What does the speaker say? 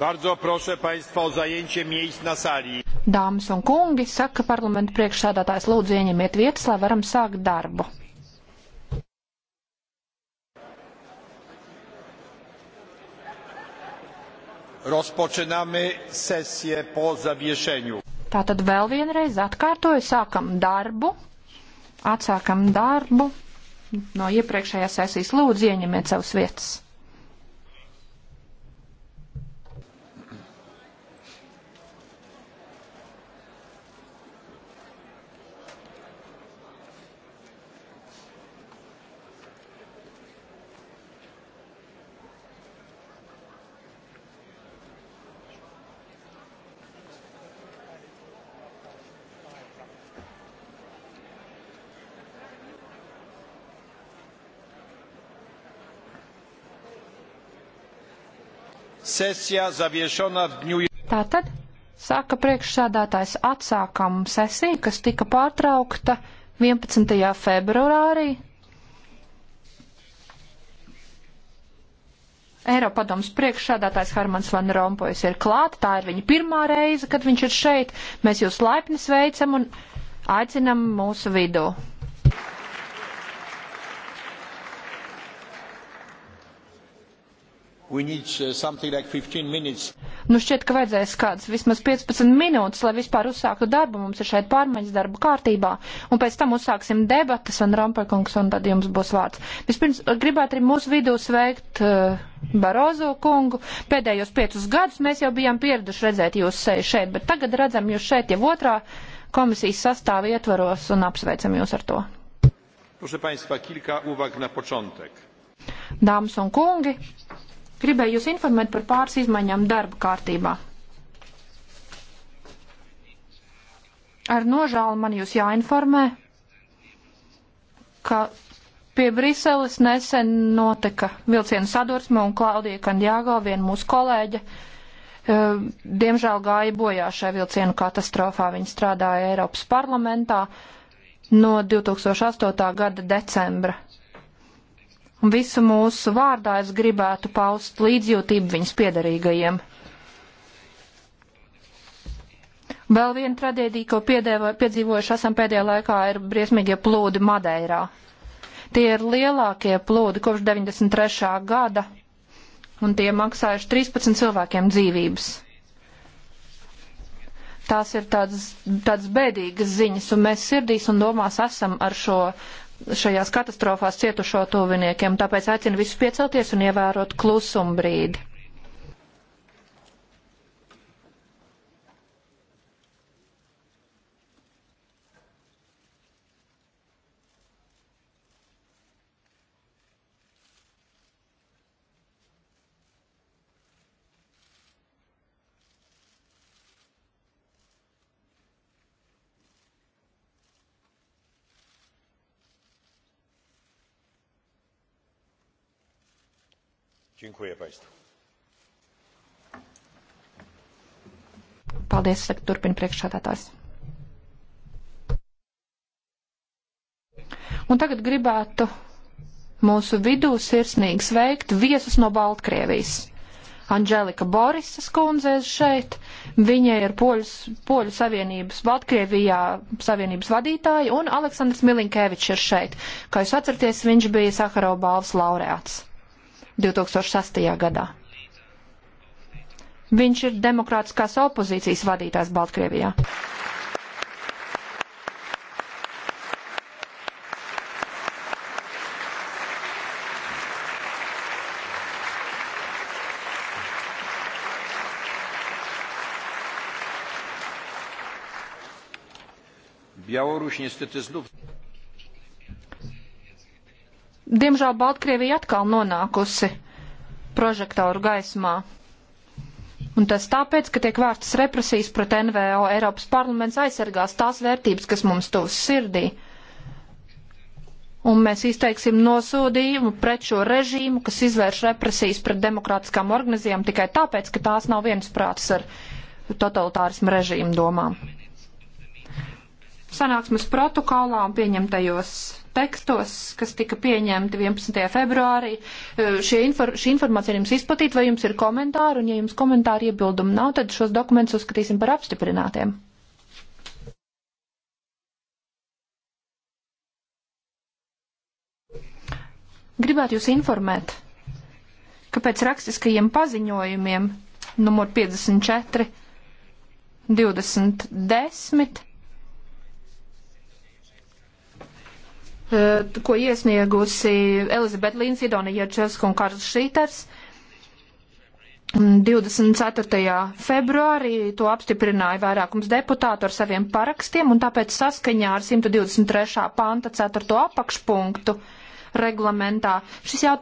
Bardzo proszę Państwa o zajęcie miejsc na sali. Dāmas un kungi, saka parlamenta priekšsēdētājs, lūdzu ieņemiet vietas, lai varam sākt darbu. Rozpoczynamy sesję po zawieszeniu. Tātad vēl vienreiz atkārtoju, sākam darbu, atsākam darbu no iepriekšējās sesijas. Lūdzu, ieņemiet savas vietas. Sesijā zaviešana dņu. Tātad, saka priekšsādātājs, atsākam sesiju, kas tika pārtraukta 11. februārī. Eiropadoms priekšsādātājs Harmans Van Rompuis ir klāt, tā ir viņa pirmā reize, kad viņš ir šeit. Mēs jūs laipni sveicam un aicinam mūsu vidū. Uh, like nu šķiet, ka vajadzēs kāds vismaz 15 minūtes, lai vispār uzsāktu darbu. Mums ir šeit pārmaiņas darba kārtībā, un pēc tam uzsāksim debatas, un Rampekungs, un tad jums būs vārds. Vispirms eh, gribētu arī mūsu vidū sveikt uh, Barozo kungu. Pēdējos piecus gadus mēs jau bijām pieraduši redzēt jūs šeit, bet tagad redzam jūs šeit jau otrā komisijas sastāva ietvaros, un apsveicam jūs ar to. Proszę Państwa, kilka uwag na początek. Dāmas un kungi, Gribēju jūs informēt par pāris izmaiņām darba kārtībā. Ar nožālu man jūs jāinformē, ka pie Briseles nesen notika vilciena sadursme un Klaudija Kandjāga, viena mūsu kolēģa, eh, diemžēl gāja bojā šajā vilcienu katastrofā. Viņa strādāja Eiropas parlamentā no 2008. gada decembra. Un visu mūsu vārdā es gribētu paust līdzjūtību viņas piedarīgajiem. Vēl viena traģēdija, ko piedzīvojuši esam pēdējā laikā, ir briesmīgie plūdi Madeirā. Tie ir lielākie plūdi kopš 93. gada, un tie maksājuši 13 cilvēkiem dzīvības. Tās ir tādas, tādas bēdīgas ziņas, un mēs sirdīs un domās esam ar šo šajās katastrofās cietušo tuviniekiem, tāpēc aicinu visus piecelties un ievērot klusumu brīdi. Dziękuję Państwu. Paldies, saka, turpina priekšsādātājs. Un tagad gribētu mūsu vidū sirsnīgi sveikt viesus no Baltkrievijas. Anģelika Borisas kundzēs šeit. Viņa ir Poļus, Poļu Savienības Baltkrievijā Savienības vadītāja un Aleksandrs Milinkēvičs ir šeit. Kā jūs atcerties, viņš bija Sakarau balvas laureāts. 2006. gadā. Viņš ir demokrātiskās opozīcijas vadītājs Baltkrievijā. Białoruś niestety znów. Diemžēl Baltkrievija atkal nonākusi prožektoru gaismā. Un tas tāpēc, ka tiek vērstas represijas pret NVO. Eiropas parlaments aizsargās tās vērtības, kas mums tuvs sirdī. Un mēs izteiksim nosodījumu pret šo režīmu, kas izvērš represijas pret demokrātiskām organizācijām tikai tāpēc, ka tās nav viensprātas ar totalitārismu režīmu domām sanāksmes protokolā un pieņemtajos tekstos, kas tika pieņemti 11. februārī. Šie infor šī informācija jums izplatīta, vai jums ir komentāri, un ja jums komentāri iebildumi nav, tad šos dokumentus uzskatīsim par apstiprinātiem. Gribētu jūs informēt, ka pēc rakstiskajiem paziņojumiem numur 54 2010 Eh, ko iesniegusi Elizabete Līna Sidonija Česka un Karls Šīters. 24. februārī to apstiprināja vairākums deputātu ar saviem parakstiem, un tāpēc saskaņā ar 123. panta 4. apakšpunktu reglamentā šis jautājums.